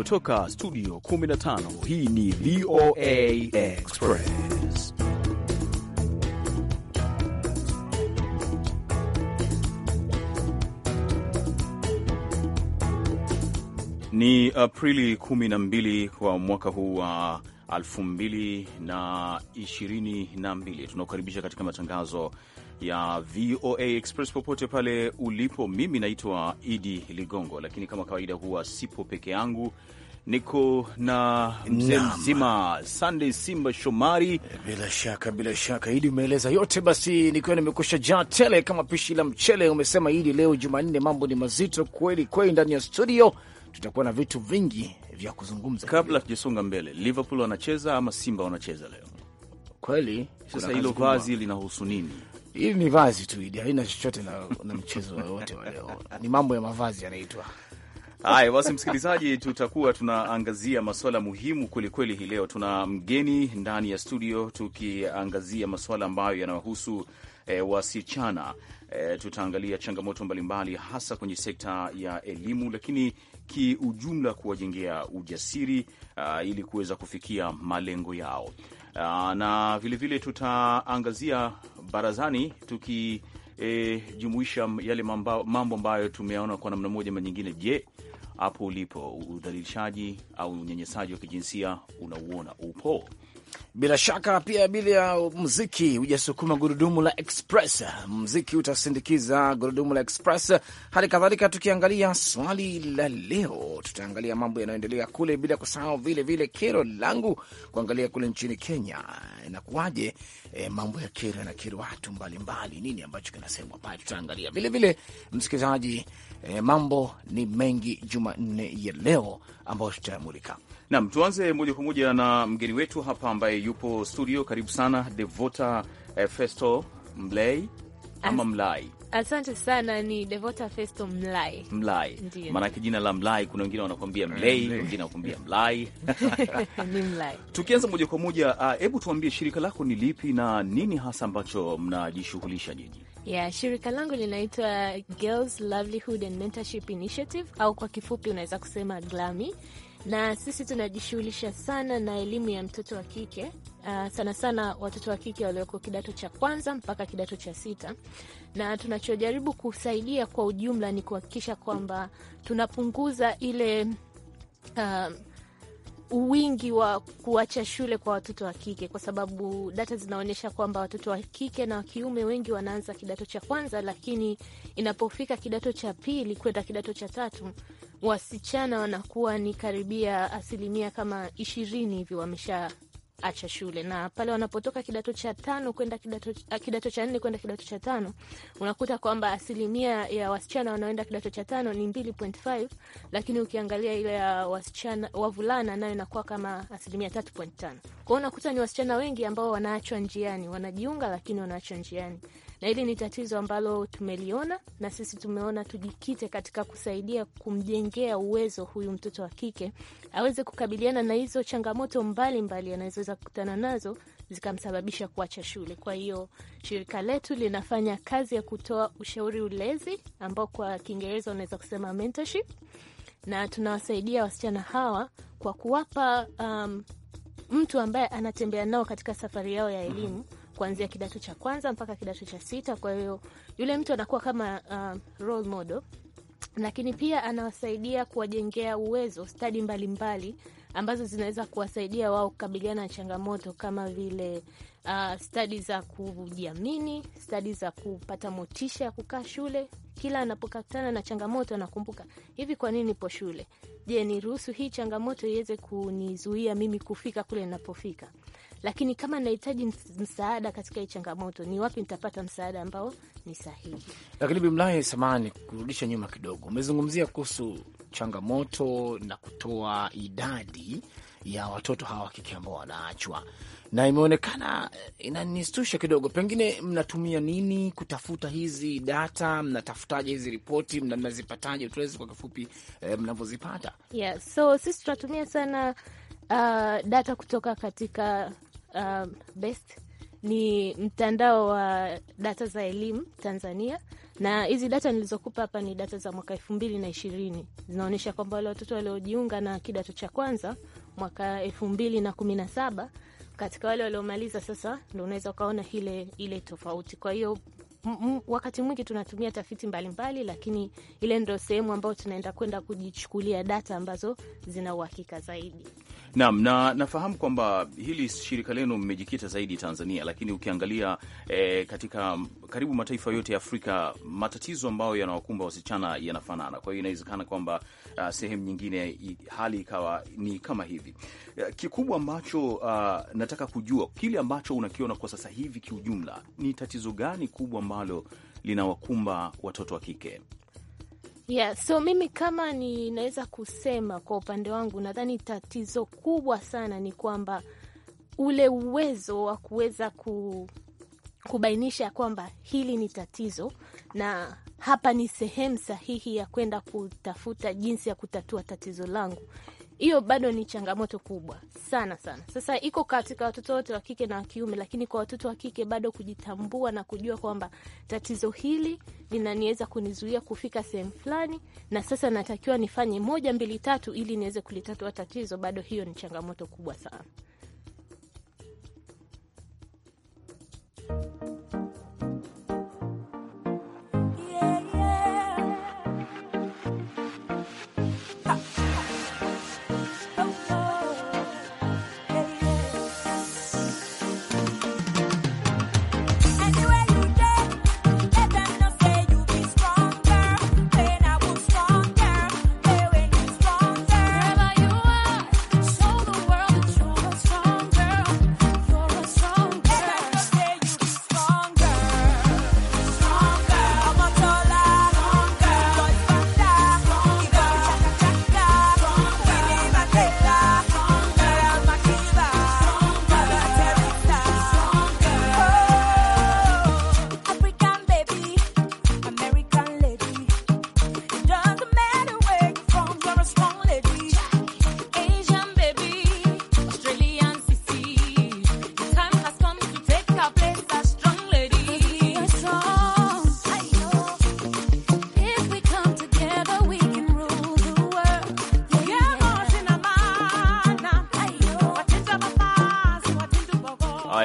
kutoka studio 15 hii ni VOA Express ni Aprili 12 kwa mwaka huu wa uh, 2022 tunakukaribisha katika matangazo ya VOA Express popote pale ulipo. Mimi naitwa Idi Ligongo, lakini kama kawaida huwa sipo peke yangu, niko na mzee mzima Sunday Simba Shomari. Bila shaka, bila shaka Idi umeeleza yote, basi nikiwa nimekusha jaa tele kama pishi la mchele. Umesema Idi, leo Jumanne mambo ni mazito kweli kweli, ndani ya studio tutakuwa na vitu vingi vya kuzungumza. Kabla tujasonga mbele, Liverpool wanacheza ama Simba wanacheza leo? Kweli sasa hilo vazi linahusu nini? Hili ni vazi tu, hili halina chochote na, na mchezo wowote wa leo, ni mambo ya mavazi yanaitwa Haya basi, msikilizaji, tutakuwa tunaangazia masuala muhimu kwelikweli. Hii leo tuna mgeni ndani ya studio, tukiangazia masuala ambayo yanawahusu e, eh, wasichana e, tutaangalia changamoto mbalimbali, hasa kwenye sekta ya elimu, lakini kiujumla, kuwajengea ujasiri a, ah, ili kuweza kufikia malengo yao. Ah, na vilevile tutaangazia barazani tukijumuisha e, yale mambo ambayo tumeona kwa namna moja ama nyingine. Je, hapo ulipo udhalilishaji au unyanyasaji wa kijinsia unauona upo? Bila shaka pia bila ya mziki hujasukuma gurudumu la Express. Mziki utasindikiza gurudumu la Express. Hali kadhalika, tukiangalia swali la leo, tutaangalia mambo yanayoendelea kule, bila kusahau vile vile kero langu kuangalia kule nchini Kenya. Inakuwaje e, mambo ya kero yanakero watu mbalimbali, nini ambacho kinasemwa pale, tutaangalia vile vile msikilizaji. e, mambo ni mengi Jumanne ya leo ambayo tutayamulika. Nam, tuanze moja kwa moja na mgeni wetu hapa ambaye yupo studio. Karibu sana Devota eh, Festo Mlei ama Mlai. Asante sana, ni Devota Festo Mlai. Mlai maanake jina la Mlai, kuna wengine wanakuambia eh, Mlei, wengine wanakuambia Mlai ni Mlai. Tukianza moja kwa moja, ah, hebu uh, tuambie shirika lako ni lipi na nini hasa ambacho mnajishughulisha nyinyi? Yeah, shirika langu linaitwa Girls Livelihood and Mentorship Initiative au kwa kifupi unaweza kusema GLAMI na sisi tunajishughulisha sana na elimu ya mtoto wa kike uh, sana sana watoto wa kike walioko kidato cha kwanza mpaka kidato cha sita, na tunachojaribu kusaidia kwa ujumla ni kuhakikisha kwamba tunapunguza ile uh, wingi wa kuacha shule kwa watoto wa kike, kwa sababu data zinaonyesha kwamba watoto wa kike na wa kiume wengi wanaanza kidato cha kwanza, lakini inapofika kidato cha pili kwenda kidato cha tatu, wasichana wanakuwa ni karibia asilimia kama ishirini hivi wamesha acha shule, na pale wanapotoka kidato cha tano kwenda kidato, ah, kidato cha nne kwenda kidato cha tano unakuta kwamba asilimia ya wasichana wanaoenda kidato cha tano ni 2.5 lakini ukiangalia ile ya wasichana wavulana nayo inakuwa kama asilimia 3.5. Kwa kwao unakuta ni wasichana wengi ambao wanaachwa njiani, wanajiunga lakini wanaachwa njiani na hili ni tatizo ambalo tumeliona na sisi tumeona tujikite katika kusaidia kumjengea uwezo huyu mtoto wa kike aweze kukabiliana na hizo changamoto mbalimbali anazoweza kukutana nazo zikamsababisha kuacha shule. Kwa hiyo shirika letu linafanya kazi ya kutoa ushauri ulezi, ambao kwa Kiingereza unaweza kusema mentorship, na tunawasaidia wasichana hawa kwa kuwapa um, mtu ambaye anatembea nao katika safari yao ya elimu mm -hmm kuanzia kidato cha kwanza mpaka kidato cha sita. Kwa hiyo yule mtu anakuwa kama uh, role model, lakini pia anawasaidia kuwajengea uwezo, stadi mbalimbali ambazo zinaweza kuwasaidia wao kukabiliana na changamoto kama vile uh, stadi za kujiamini, stadi za kupata motisha ya kukaa shule. Kila anapokutana na changamoto anakumbuka, hivi kwa nini nipo shule? Je, niruhusu hii changamoto iweze kunizuia mimi kufika kule ninapofika? lakini kama nahitaji msaada katika hii changamoto, ni wapi nitapata msaada ambao ni sahihi? Lakini Bimlahi, samahani kurudisha nyuma kidogo, umezungumzia kuhusu changamoto na kutoa idadi ya watoto hawa wakike ambao wanaachwa na imeonekana eh, inanistusha kidogo. Pengine mnatumia nini kutafuta hizi data? Mnatafutaje hizi ripoti? Mnazipataje? Tuwezi kwa kifupi eh, mnavyozipata. Yeah, so sisi tunatumia sana uh, data kutoka katika um, BEST ni mtandao wa data za elimu Tanzania, na hizi data nilizokupa hapa ni data za mwaka elfu mbili na ishirini zinaonyesha kwamba wale watoto waliojiunga na kidato cha kwanza mwaka elfu mbili na kumi na saba katika wale waliomaliza sasa, ndo unaweza ukaona ile, ile tofauti. Kwa hiyo wakati mwingi tunatumia tafiti mbalimbali mbali, lakini ile ndo sehemu ambayo tunaenda kwenda kujichukulia data ambazo zina uhakika zaidi. Naam, na nafahamu kwamba hili shirika lenu mmejikita zaidi Tanzania, lakini ukiangalia e, katika karibu mataifa yote ya Afrika matatizo ambayo yanawakumba wasichana yanafanana. Kwa hiyo inawezekana kwamba uh, sehemu nyingine hali ikawa ni kama hivi. Eh, kikubwa ambacho uh, nataka kujua kile ambacho unakiona kwa sasa hivi kiujumla, ni tatizo gani kubwa ambalo linawakumba watoto wa kike? Yeah, so mimi kama ninaweza kusema kwa upande wangu, nadhani tatizo kubwa sana ni kwamba ule uwezo wa kuweza ku, kubainisha kwamba hili ni tatizo na hapa ni sehemu sahihi ya kwenda kutafuta jinsi ya kutatua tatizo langu hiyo bado ni changamoto kubwa sana sana. Sasa iko katika watoto wote wa kike na wa kiume, lakini kwa watoto wa kike bado kujitambua na kujua kwamba tatizo hili linaniweza kunizuia kufika sehemu fulani, na sasa natakiwa nifanye moja, mbili, tatu ili niweze kulitatua tatizo, bado hiyo ni changamoto kubwa sana.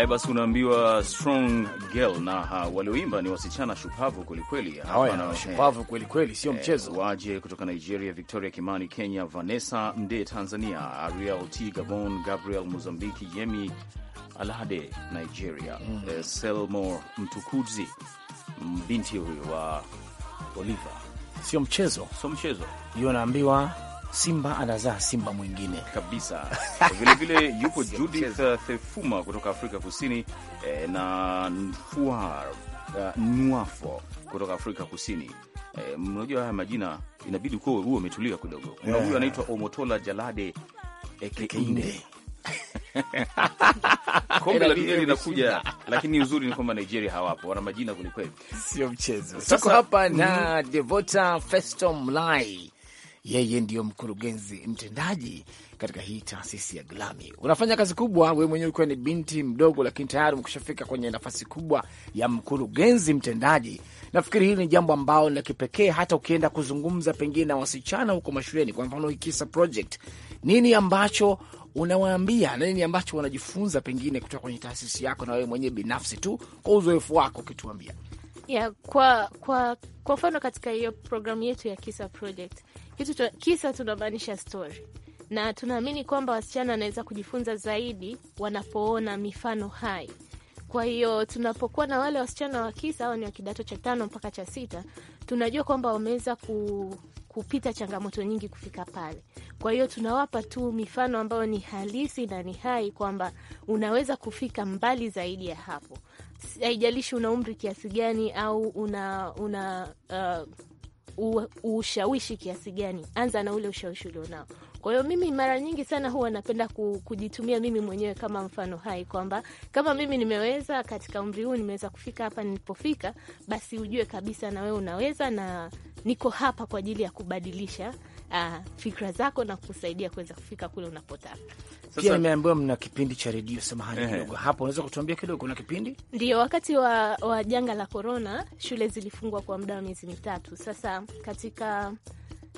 Haya basi, unaambiwa strong girl na uh, walioimba ni wasichana shupavu kwelikweli, shupavu kwelikweli, eh, sio eh, mchezo. Waje kutoka Nigeria, Victoria Kimani Kenya, Vanessa Mde Tanzania, Ariel T Gabon, Gabriel Mozambiki, Yemi Alade Nigeria, mm -hmm. Eh, Selmo Mtukuzi, binti huyo wa Oliva, sio mchezo, sio mchezo, hiyo naambiwa simba anazaa simba mwingine kabisa. Vilevile yupo Judith uh, Thefuma kutoka Afrika Kusini eh, na Nfuar uh, Nwafo kutoka Afrika Kusini. Eh, mnajua haya majina inabidi kuwa huo umetulia kidogo. Kuna yeah, huyu anaitwa Omotola Jalade Ekeinde kombe la dunia linakuja, lakini uzuri ni kwamba Nigeria hawapo, wana majina kwelikweli, sio mchezo. Tuko hapa na mhm. Devota Festo Mlai yeye ndiyo mkurugenzi mtendaji katika hii taasisi ya Glami. Unafanya kazi kubwa, wewe mwenyewe ukiwa ni binti mdogo, lakini tayari umekushafika kwenye nafasi kubwa ya mkurugenzi mtendaji. Nafikiri hili ni jambo ambalo ni la kipekee, hata ukienda kuzungumza pengine na wasichana huko mashuleni, kwa mfano Ikisa Project, nini ambacho unawaambia na nini ambacho wanajifunza pengine kutoka kwenye taasisi yako na wewe mwenyewe binafsi tu kwa uzoefu wako ukituambia? Yeah, kwa kwa kwa mfano katika hiyo programu yetu ya Kisa Project kitu kisa tunamaanisha stori, na tunaamini kwamba wasichana wanaweza kujifunza zaidi wanapoona mifano hai. Kwa hiyo tunapokuwa na wale wasichana wa kisa au ni wa kidato cha tano mpaka cha sita, tunajua kwamba wameweza ku kupita changamoto nyingi kufika pale. Kwa hiyo tunawapa tu mifano ambayo ni halisi na ni hai, kwamba unaweza kufika mbali zaidi ya hapo, haijalishi una umri kiasi gani au una, una uh, ushawishi kiasi gani, anza na ule ushawishi ulionao. Kwa hiyo mimi mara nyingi sana huwa napenda kujitumia mimi mwenyewe kama mfano hai, kwamba kama mimi nimeweza katika umri huu, nimeweza kufika hapa nilipofika, basi ujue kabisa na wewe unaweza, na niko hapa kwa ajili ya kubadilisha uh, fikra zako na kusaidia kuweza kufika kule unapotaka. Pia nimeambiwa mna kipindi cha redio, samahani kidogo hapo, unaweza kutuambia kidogo na kipindi? Ndio, wakati wa, wa janga la korona shule zilifungwa kwa muda wa miezi mitatu. Sasa katika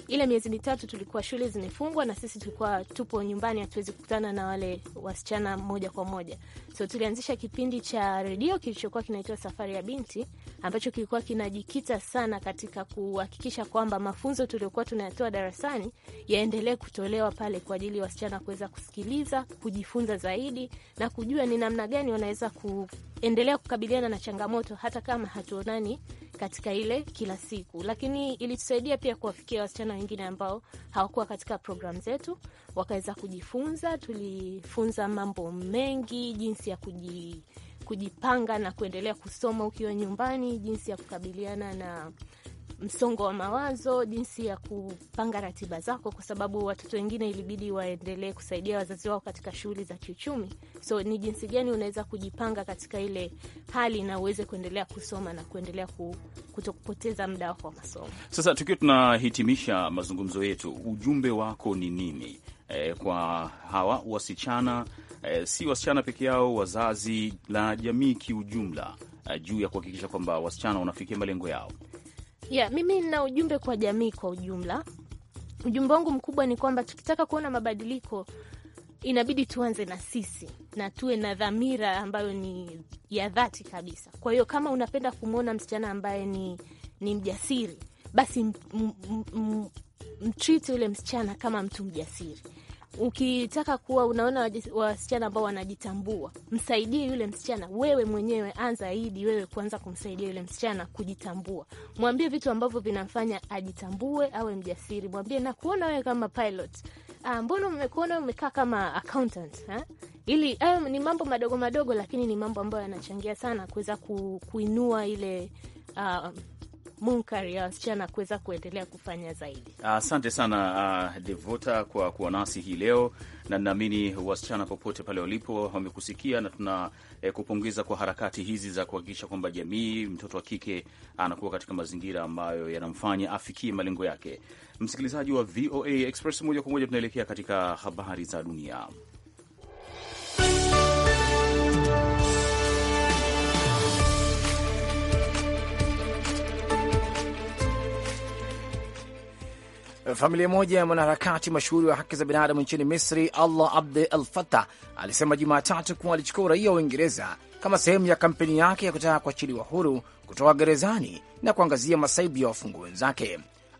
ile miezi mitatu tulikuwa shule zimefungwa, na sisi tulikuwa tupo nyumbani, hatuwezi kukutana na wale wasichana moja kwa moja, so tulianzisha kipindi cha redio kilichokuwa kinaitwa Safari ya Binti, ambacho kilikuwa kinajikita sana katika kuhakikisha kwamba mafunzo tuliokuwa tunayatoa darasani yaendelee kutolewa pale kwa ajili ya wasichana kuweza kusikiliza, kujifunza zaidi na kujua ni namna gani wanaweza kuendelea kukabiliana na changamoto hata kama hatuonani katika ile kila siku, lakini ilitusaidia pia kuwafikia wasichana wengine ambao hawakuwa katika programu zetu, wakaweza kujifunza. Tulifunza mambo mengi, jinsi ya kuji, kujipanga na kuendelea kusoma ukiwa nyumbani, jinsi ya kukabiliana na msongo wa mawazo, jinsi ya kupanga ratiba zako, kwa sababu watoto wengine ilibidi waendelee kusaidia wazazi wao katika shughuli za kiuchumi. So ni jinsi gani unaweza kujipanga katika ile hali na uweze kuendelea kusoma na kuendelea kutokupoteza muda wako wa masomo. Sasa tukiwa tunahitimisha mazungumzo yetu, ujumbe wako ni nini e, kwa hawa wasichana e, si wasichana peke yao, wazazi na jamii kiujumla, eh, juu ya kuhakikisha kwamba wasichana wanafikia malengo yao? Yeah, mimi nina ujumbe kwa jamii kwa ujumla. Ujumbe wangu mkubwa ni kwamba tukitaka kuona mabadiliko inabidi tuanze na sisi na tuwe na dhamira ambayo ni ya dhati kabisa. Kwa hiyo kama unapenda kumwona msichana ambaye ni, ni mjasiri basi mtriti ule msichana kama mtu mjasiri ukitaka kuwa unaona wasichana ambao wanajitambua, msaidie yule msichana. Wewe mwenyewe anza idi wewe kuanza kumsaidia yule msichana kujitambua, mwambie vitu ambavyo vinamfanya ajitambue, awe mjasiri. Mwambie na kuona wewe kama pilot, ah, mbona umekuona umekaa kama accountant ha? Ili hayo ah, ni mambo madogo madogo, lakini ni mambo ambayo yanachangia sana kuweza ku, kuinua ile uh, munkari ya wasichana kuweza kuendelea kufanya zaidi. Asante sana uh, Devota kwa kuwa nasi hii leo, na naamini wasichana popote pale walipo wamekusikia, na tuna eh, kupongeza kwa harakati hizi za kuhakikisha kwamba jamii, mtoto wa kike anakuwa katika mazingira ambayo yanamfanya afikie malengo yake. Msikilizaji wa VOA Express, moja kwa moja tunaelekea katika habari za dunia. Familia moja ya mwanaharakati mashuhuri wa haki za binadamu nchini Misri, Allah Abd al Fatah, alisema Jumatatu kuwa alichukua uraia wa Uingereza kama sehemu ya kampeni yake ya kutaka kuachiliwa huru kutoka gerezani na kuangazia masaibu ya wafungwa wenzake.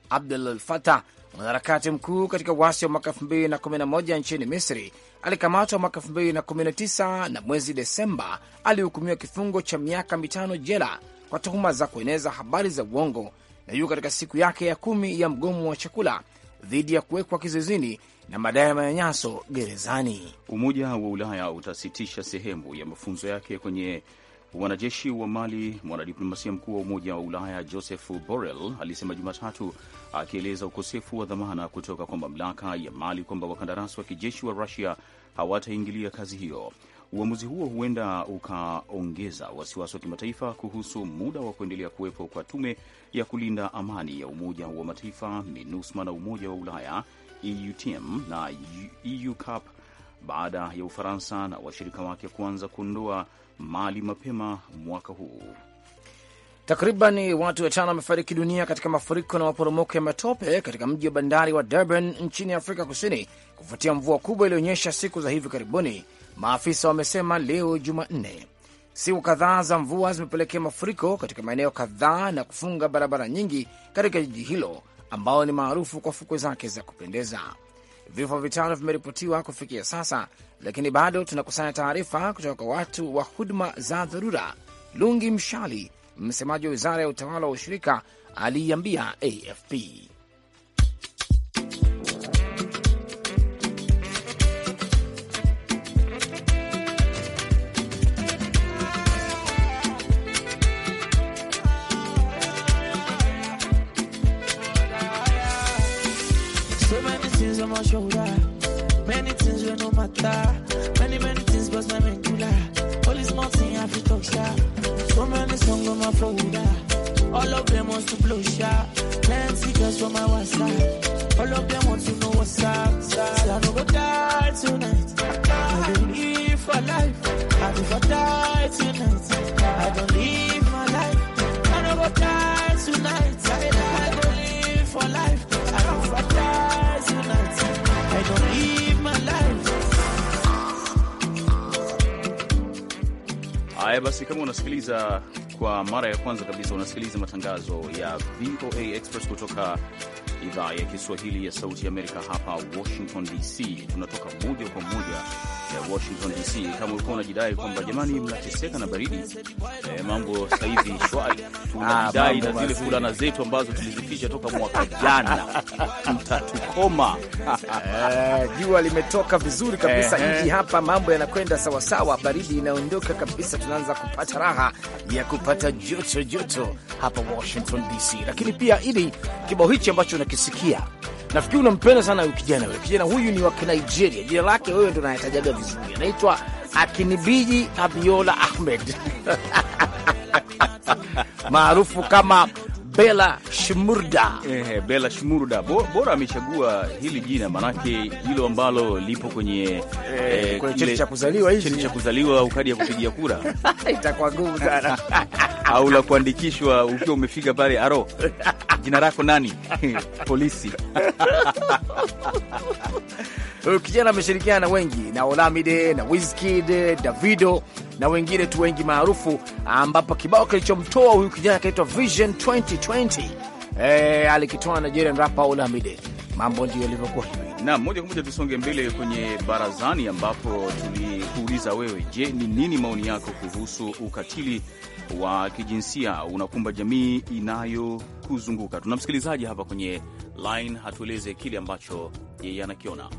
Abdul al Fatah, mwanaharakati mkuu katika uasi wa mwaka 2011 nchini Misri, alikamatwa mwaka 2019 na mwezi Desemba alihukumiwa kifungo cha miaka mitano jela kwa tuhuma za kueneza habari za uongo na yuko katika siku yake ya kumi ya mgomo wa chakula dhidi ya kuwekwa kizuizini na madai ya manyanyaso gerezani. Umoja wa Ulaya utasitisha sehemu ya mafunzo yake kwenye wanajeshi wa Mali. Mwanadiplomasia mkuu wa Umoja wa Ulaya Joseph Borrell alisema Jumatatu, akieleza ukosefu wa dhamana kutoka kwa mamlaka ya Mali kwamba wakandarasi wa kijeshi wa Rusia hawataingilia kazi hiyo. Uamuzi huo huenda ukaongeza wasiwasi wa kimataifa kuhusu muda wa kuendelea kuwepo kwa tume ya kulinda amani ya Umoja wa Mataifa MINUSMA na Umoja wa Ulaya EUTM na EUCAP baada ya Ufaransa na washirika wake kuanza kuondoa Mali mapema mwaka huu. Takriban watu watano wamefariki dunia katika mafuriko na maporomoko ya matope katika mji wa bandari wa Durban nchini Afrika Kusini kufuatia mvua kubwa iliyoonyesha siku za hivi karibuni maafisa wamesema leo Jumanne. Siku kadhaa za mvua zimepelekea mafuriko katika maeneo kadhaa na kufunga barabara nyingi katika jiji hilo ambalo ni maarufu kwa fukwe zake za kupendeza. Vifo vitano vimeripotiwa kufikia sasa, lakini bado tunakusanya taarifa kutoka kwa watu wa huduma za dharura. Lungi Mshali, msemaji wa wizara ya utawala wa ushirika, aliiambia AFP. All Haya basi, kama unasikiliza kwa mara ya kwanza kabisa unasikiliza matangazo ya VOA Express kutoka idhaa ya Kiswahili ya Sauti ya Amerika hapa Washington DC. Tunatoka moja kwa moja ya Washington DC. Kama ulikuwa unajidai kwamba jamani, mnateseka na baridi eh, mambo saizi shwari, tunajidai ah, na zile fulana zetu ambazo tulizipisha toka mwaka jana mtatukoma. Eh, jua limetoka vizuri kabisa eh, eh. nchi hapa mambo yanakwenda sawasawa, baridi inaondoka kabisa, tunaanza kupata raha ya kupata joto joto hapa Washington DC, lakini pia ili kibao hichi ambacho unachokisikia. Nafikiri unampenda sana huyu kijana. Huyu kijana huyu ni wa Nigeria, jina lake wewe ndo unayetajaga vizuri, anaitwa Akinibiji Abiola Ahmed maarufu kama Bela Shmurda. Ehe, Bela Shmurda. Bora amechagua hili jina manake hilo ambalo lipo kwenye eh, eh, kwenye cheti cha kuzaliwa hizi. Cheti cha kuzaliwa au kadi ya kupigia kura. Itakuwa gumu sana. Au la kuandikishwa ukiwa umefika pale aro. Jina lako nani? Polisi kijana ameshirikiana na wengi na Olamide na Wizkid, Davido na wengine tu wengi maarufu, ambapo kibao kilichomtoa huyu kijana kinaitwa Vision 2020 eh, alikitoa Nigerian rapa Olamide. Mambo ndio yalivyokuwa hivi. Na moja kwa moja tusonge mbele kwenye barazani, ambapo tulikuuliza wewe, je, ni nini maoni yako kuhusu ukatili wa kijinsia unakumba jamii inayokuzunguka? Tuna msikilizaji hapa kwenye line, hatueleze kile ambacho yeye anakiona.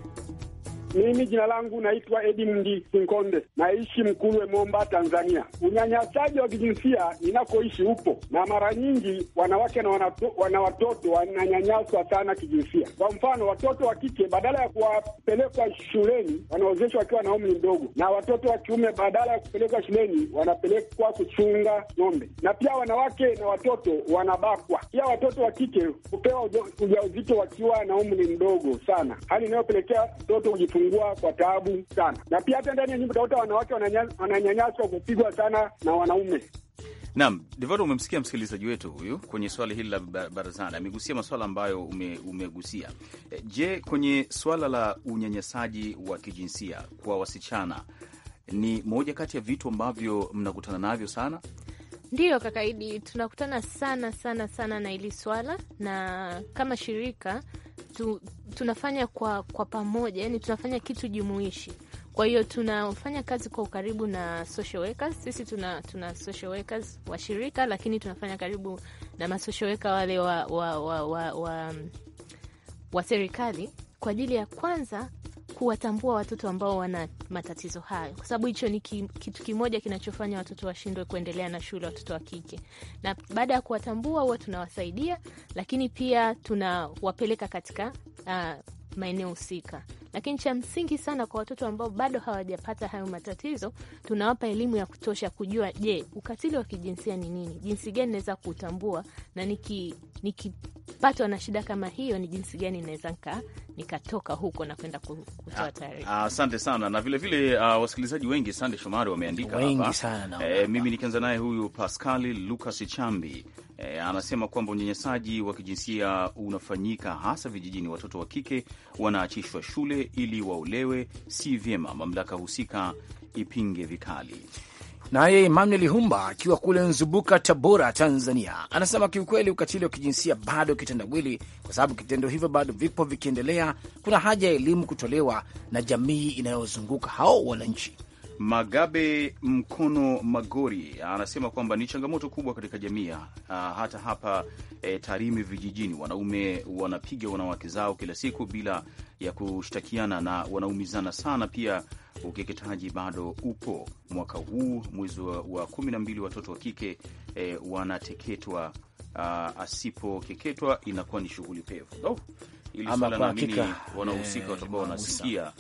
Mimi jina langu naitwa Edi Mundi Sinkonde, naishi Mkulwe, Momba, Tanzania. Unyanyasaji wa kijinsia ninakoishi upo, na mara nyingi wanawake na wana watoto wananyanyaswa sana kijinsia. Kwa mfano, watoto wa kike badala ya kuwapelekwa shuleni wanaozeshwa wakiwa na umri mdogo, na watoto wa kiume badala ya kupelekwa shuleni wanapelekwa kuchunga ng'ombe. Na pia wanawake na watoto wanabakwa. Pia watoto wa kike hupewa ujauzito wakiwa na umri mdogo sana, hali inayopelekea mtoto wanajifungua kwa taabu sana, na pia hata ndani ya nyumba utakuta wanawake wananyanyaswa, kupigwa sana na wanaume. Naam, Devoto, umemsikia msikilizaji wetu huyu kwenye swala hili la barazani, amegusia masuala ambayo ume, umegusia. Eh, je, kwenye swala la unyanyasaji wa kijinsia kwa wasichana ni moja kati ya vitu ambavyo mnakutana navyo sana? Ndiyo kakaidi, tunakutana sana sana sana na hili swala, na kama shirika tu, tunafanya kwa, kwa pamoja, yani tunafanya kitu jumuishi. Kwa hiyo tunafanya kazi kwa ukaribu na social workers. Sisi tuna, tuna social workers wa shirika, lakini tunafanya karibu na masocial worker wale wa, wa, wa, wa, wa, wa serikali kwa ajili ya kwanza kuwatambua watoto ambao wana matatizo hayo, kwa sababu hicho ni ki, kitu kimoja kinachofanya watoto washindwe kuendelea na shule, watoto wa kike. Na baada ya kuwatambua, huwa tunawasaidia, lakini pia tunawapeleka katika uh, maeneo husika lakini cha msingi sana kwa watoto ambao bado hawajapata hayo matatizo, tunawapa elimu ya kutosha kujua, je, ukatili wa kijinsia ni nini, jinsi gani naweza kuutambua na nikipatwa na shida kama hiyo, ni jinsi gani naweza nikatoka huko na kwenda kutoa taarifa. Ah, asante sana, na vilevile uh, ah, wasikilizaji wengi, sande Shomari, wameandika eh, hapa. Mimi nikianza naye huyu Paskali Lukas Chambi E, anasema kwamba unyanyasaji wa kijinsia unafanyika hasa vijijini. Watoto wa kike wanaachishwa shule ili waolewe, si vyema. Mamlaka husika ipinge vikali. Naye Emmanuel Humba akiwa kule Nzubuka, Tabora, Tanzania, anasema kiukweli, ukatili wa kijinsia bado kitendawili, kwa sababu kitendo hivyo bado vipo vikiendelea. Kuna haja ya elimu kutolewa na jamii inayozunguka hao wananchi. Magabe Mkono Magori anasema kwamba ni changamoto kubwa katika jamii, ah, hata hapa e, Tarime vijijini, wanaume wanapiga wanawake zao kila siku bila ya kushtakiana na wanaumizana sana. Pia ukeketaji bado upo. Mwaka huu mwezi wa kumi na mbili watoto wa kike e, wanateketwa. Ah, asipokeketwa inakuwa ni shughuli pevu. Hili oh, swala naamini wanahusika, eh, watakuwa wanasikia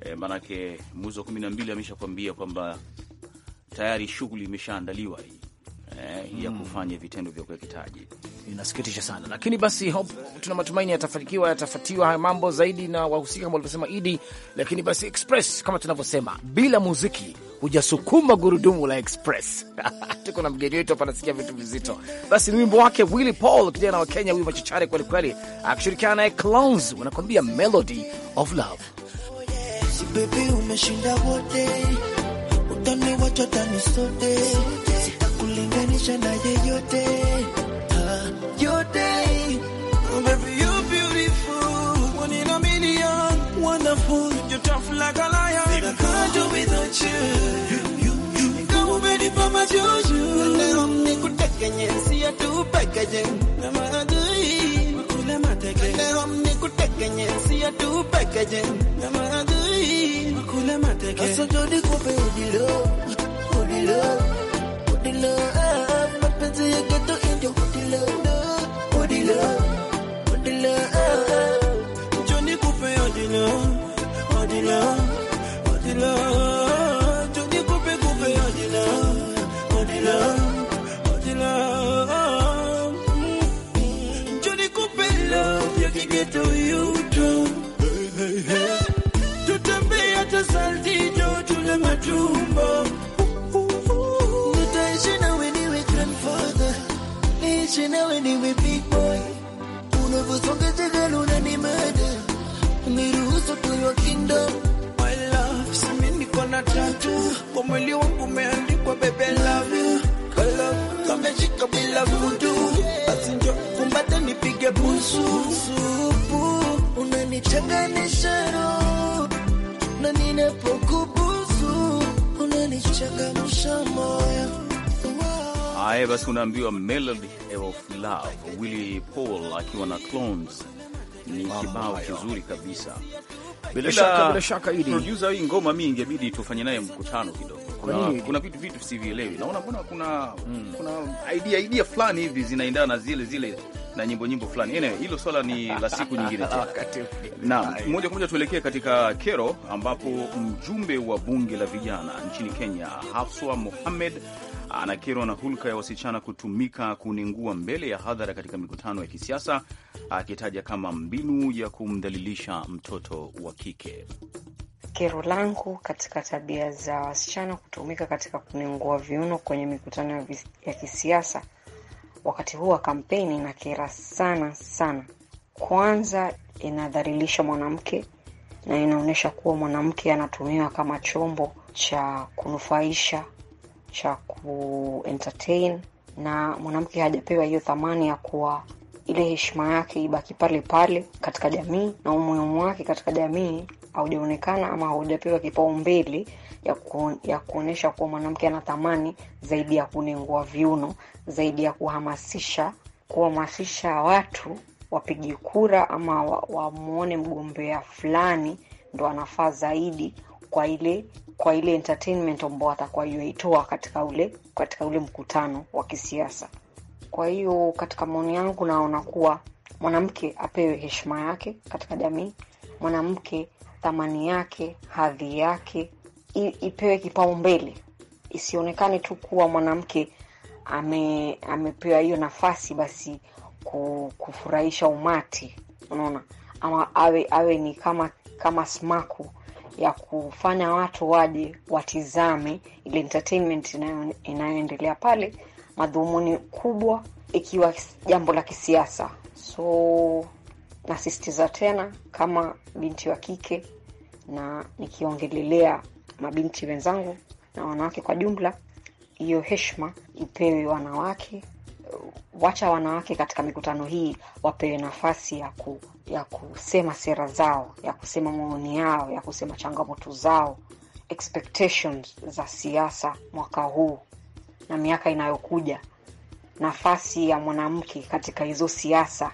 e, maanake mwezi wa kumi na mbili ameshakwambia kwamba tayari shughuli imeshaandaliwa hii eh, ya hmm. kufanya vitendo vya ukeketaji. Inasikitisha sana, lakini basi hope, tuna matumaini yatafanikiwa, yatafatiwa haya mambo zaidi na wahusika kama walivyosema Idi. Lakini basi Express kama tunavyosema, bila muziki hujasukuma gurudumu la Express. Tuko na mgeni wetu hapa, anasikia vitu vizito. Basi ni wimbo wake Willy Paul, kijana wa Kenya, huyu machachari kwelikweli, akishirikiana naye Clowns, wanakuambia Melody of Love. Si baby umeshinda wote, utani wacha tani sote, sitakulinganisha na yeyote yote. Oh baby you beautiful, one in a million, wonderful, you tough like a lion. I can't do without you. Kama umenipa majuju, leo nikuteke nyensi ya tupeke packaging. Leo mniku tekenye siya tu packaging. Na maadui makule mateke. Aso jodi kupe udilo, udilo, udilo. Ah, mapenzi ya geto indio udilo. niwe big boy, niruhusu tu your kingdom my love. niko na kwa mwili wangu umeandikwa baby I love you, kala bila vudu, basi njo nipige busu supu, unanichanganisha roho na ninapokubusu moyo Haya basi, unaambiwa Melody of Love, Willy Paul akiwa na Clones ni kibao kizuri kabisa. Bila shaka, bila shaka hili producer hii ngoma mimi ingebidi tufanye naye mkutano kidogo. Kuna, kuna vitu vitu sivielewi. Naona mbona kuna mm, kuna idea idea fulani hivi zinaendana na zile zile na nyimbo nyimbo fulani. Anyway, hilo swala ni la siku nyingine tena. Na moja kwa moja tuelekee katika kero ambapo mjumbe wa bunge la vijana nchini Kenya Hafswa Mohamed anakerwa na hulka ya wasichana kutumika kuningua mbele ya hadhara katika mikutano ya kisiasa, akitaja kama mbinu ya kumdhalilisha mtoto wa kike. Kero langu katika tabia za wasichana kutumika katika kuningua viuno kwenye mikutano ya kisiasa wakati huu wa kampeni na kera sana sana. Kwanza, inadhalilisha mwanamke na inaonyesha kuwa mwanamke anatumiwa kama chombo cha kunufaisha cha kuentertain, na mwanamke hajapewa hiyo thamani ya kuwa ile heshima yake ibaki pale pale katika jamii na umuhimu wake katika jamii haujaonekana ama haujapewa kipaumbele ya, ku, ya kuonyesha kuwa mwanamke ana thamani zaidi ya kunengua viuno, zaidi ya kuhamasisha kuhamasisha watu wapige kura ama wamwone wa mgombea fulani ndo anafaa zaidi kwa ile kwa ile entertainment ambao atakuwa yuaitoa katika ule katika ule mkutano wa kisiasa. Kwa hiyo katika maoni yangu, naona kuwa mwanamke apewe heshima yake katika jamii, mwanamke thamani yake, hadhi yake ipewe kipaumbele, isionekane tu kuwa mwanamke ame, amepewa hiyo nafasi basi kufurahisha umati, unaona ama awe awe ni kama kama smaku ya kufanya watu waje watizame ile entertainment inayo inayoendelea pale, madhumuni kubwa ikiwa jambo la kisiasa. So nasisitiza tena kama binti wa kike na nikiongelelea mabinti wenzangu na wanawake kwa jumla, hiyo heshima ipewe wanawake wacha wanawake katika mikutano hii wapewe nafasi ya, ku, ya kusema sera zao, ya kusema maoni yao, ya kusema changamoto zao, expectations za siasa mwaka huu na miaka inayokuja. Nafasi ya mwanamke katika hizo siasa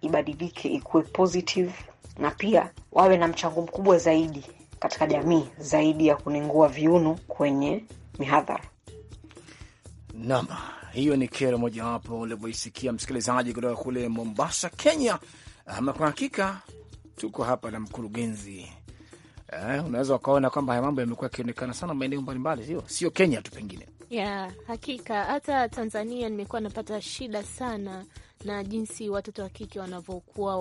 ibadilike, ikuwe positive, na pia wawe na mchango mkubwa zaidi katika jamii zaidi ya kuningua viuno kwenye mihadhara. Naam. Hiyo ni kero mojawapo ulivyoisikia msikilizaji kutoka kule Mombasa, Kenya. Ama kwa hakika tuko hapa na mkurugenzi eh, unaweza ukaona kwamba haya mambo yamekuwa yakionekana sana maeneo mbalimbali, sio sio Kenya tu pengine ya yeah, hakika hata Tanzania nimekuwa napata shida sana na jinsi watoto wa kike wanavyokuwa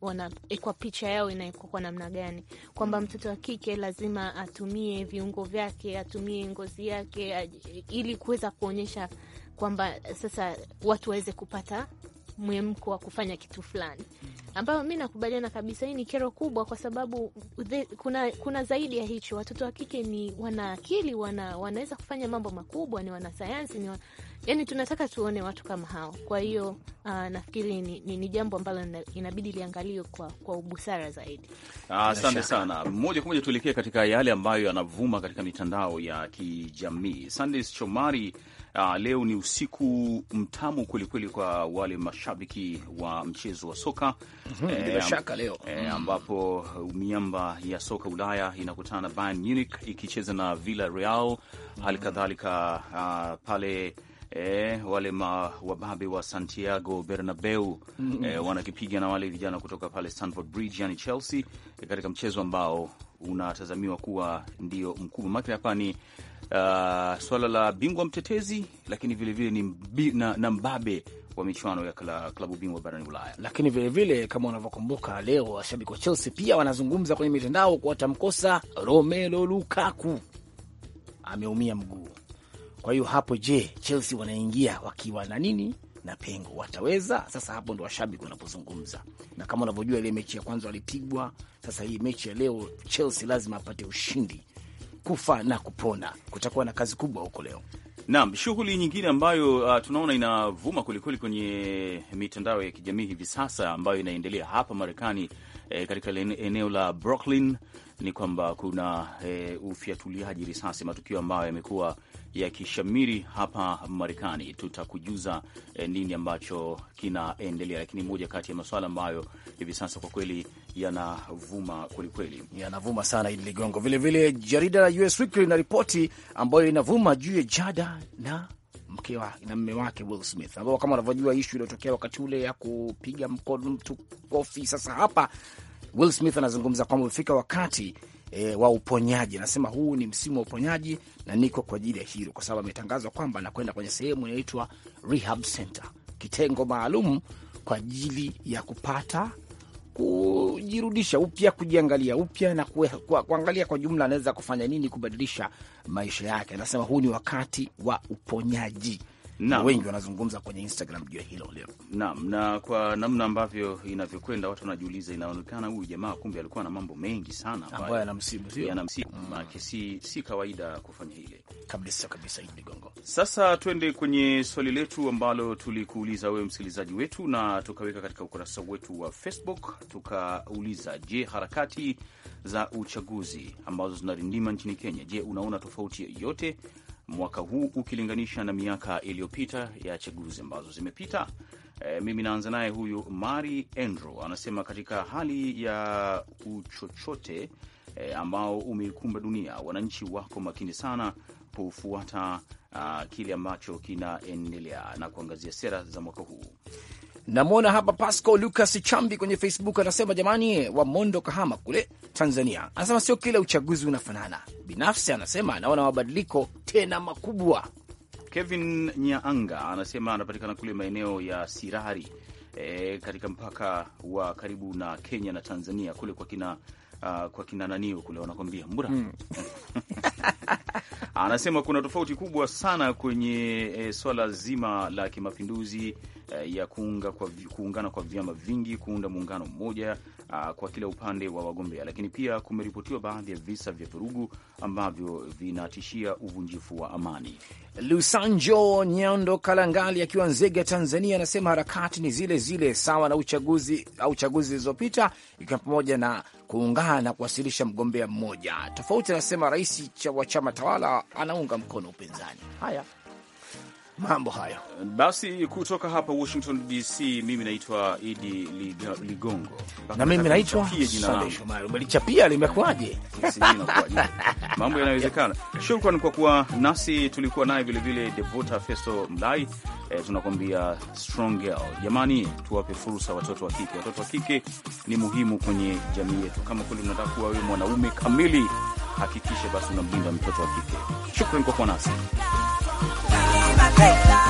wanawekwa, picha yao inawekwa kwa namna gani, kwamba mtoto wa kike lazima atumie viungo vyake, atumie ngozi yake ili kuweza kuonyesha kwamba sasa watu waweze kupata mwemko wa kufanya kitu fulani, ambayo mi nakubaliana kabisa. Hii ni kero kubwa, kwa sababu the, kuna, kuna zaidi ya hicho. Watoto wa kike ni wana akili, wana, wanaweza kufanya mambo makubwa, ni wanasayansi, ni wana, yani tunataka tuone watu kama hao. Kwa hiyo uh, nafikiri ni, ni, ni jambo ambalo inabidi liangaliwe kwa, kwa ubusara zaidi. Ah, asante sana. Moja kwa moja tuelekee katika yale ambayo yanavuma katika mitandao ya kijamii. Sunday Shomari, uh, leo ni usiku mtamu kwelikweli kwa wale mashabiki wa mchezo wa soka mm -hmm, e, shaka leo e, ambapo miamba ya soka Ulaya inakutana Bayern Munich ikicheza na Villarreal hali mhm. kadhalika uh, pale eh, wale wababe wa Santiago Bernabeu mm -hmm. eh, wanakipiga na wale vijana kutoka pale Stamford Bridge yani Chelsea eh, katika mchezo ambao unatazamiwa kuwa ndio mkubwa make hapa ni uh, swala la bingwa mtetezi, lakini vilevile ni mbi, na, na mbabe wa michuano ya klabu bingwa barani Ulaya. Lakini vilevile vile, kama unavyokumbuka leo washabiki wa Chelsea pia wanazungumza kwenye mitandao kuwa watamkosa Romelu Lukaku, ameumia mguu kwa hiyo hapo, je, Chelsea wanaingia wakiwa na nini na pengo, wataweza? Sasa hapo ndo washabiki wanapozungumza, na kama unavyojua ile mechi ya kwanza walipigwa. Sasa hii mechi ya leo Chelsea lazima apate ushindi, kufa na kupona. Kutakuwa na kazi kubwa huko leo. Naam, shughuli nyingine ambayo uh, tunaona inavuma kwelikweli kwenye mitandao ya kijamii hivi sasa ambayo inaendelea hapa Marekani eh, katika eneo la Brooklyn ni kwamba kuna eh, ufyatuliaji risasi, matukio ambayo yamekuwa yakishamiri hapa Marekani. Tutakujuza eh, nini ambacho kinaendelea, lakini moja kati ya masuala ambayo hivi sasa kwa kweli yanavuma kwelikweli, yanavuma sana, Idi Ligongo. Vilevile jarida la US Weekly lina ripoti ambayo inavuma juu ya jada na mke wa, na mme wake Will Smith ambao kama unavyojua ishu iliyotokea wakati ule ya kupiga mkono mtu kofi. Sasa hapa Will Smith anazungumza kwamba umefika wakati e, wa uponyaji. Anasema huu ni msimu wa uponyaji na niko kwa ajili ya hilo, kwa sababu ametangazwa kwamba anakwenda kwenye sehemu inaitwa rehab center, kitengo maalum kwa ajili ya kupata kujirudisha upya, kujiangalia upya na kue, kwa, kuangalia kwa jumla anaweza kufanya nini kubadilisha maisha yake. Anasema huu ni wakati wa uponyaji na wengi wanazungumza kwenye Instagram juu ya hilo leo. Naam, na kwa namna ambavyo inavyokwenda watu wanajiuliza, inaonekana huyu jamaa kumbe alikuwa na mambo mengi sana ambayo yanamsibu, sio yanamsibu, maana mm. si si kawaida kufanya hile kabisa kabisa. hii migongo. sasa, twende kwenye swali letu ambalo tulikuuliza wewe msikilizaji wetu na tukaweka katika ukurasa wetu wa Facebook, tukauliza je, harakati za uchaguzi ambazo zinarindima nchini Kenya, je, unaona tofauti yoyote mwaka huu ukilinganisha na miaka iliyopita ya chaguzi ambazo zimepita. E, mimi naanza naye huyu Mari Andrew anasema katika hali ya uchochote e, ambao umeikumba dunia, wananchi wako makini sana kufuata uh, kile ambacho kinaendelea na kuangazia sera za mwaka huu. Namwona hapa Pasco Lucas Chambi kwenye Facebook anasema, jamani, Mondo Kahama kule Tanzania, anasema sio kila uchaguzi unafanana. Binafsi anasema anaona mabadiliko tena makubwa. Kevin Nyaanga anasema anapatikana kule maeneo ya Sirari e, katika mpaka wa karibu na Kenya na Tanzania kule kwa kina Uh, kwa kina nanio kule wanakwambia mbura mm. Anasema kuna tofauti kubwa sana kwenye e, swala zima la kimapinduzi e, ya kuunga kwa, kuungana kwa vyama vingi kuunda muungano mmoja uh, kwa kila upande wa wagombea, lakini pia kumeripotiwa baadhi ya visa vya vurugu ambavyo vinatishia uvunjifu wa amani. Lusanjo Nyando Kalangali akiwa Nzega, Tanzania, anasema harakati ni zile zile sawa na uchaguzi au chaguzi zilizopita, ikiwa pamoja na kuungana na kuwasilisha mgombea mmoja tofauti. Anasema rais wa chama tawala anaunga mkono upinzani. Haya mambo hayo. Basi kutoka hapa Washington DC, mimi naitwa Idi Ligongo na mimi naitwa Sande Shomari. Umelichapia limekuwaje? Mambo yanawezekana. Shukran kwa kuwa nasi, tulikuwa naye vilevile Devota Festo Mlai. E, tunakwambia strong girl. Jamani, tuwape fursa watoto wa kike. Watoto wa kike ni muhimu kwenye jamii yetu. Kama kweli unataka kuwa wewe mwanaume kamili, hakikisha basi unamlinda mtoto wa kike. Shukran kwa kuwa nasi. me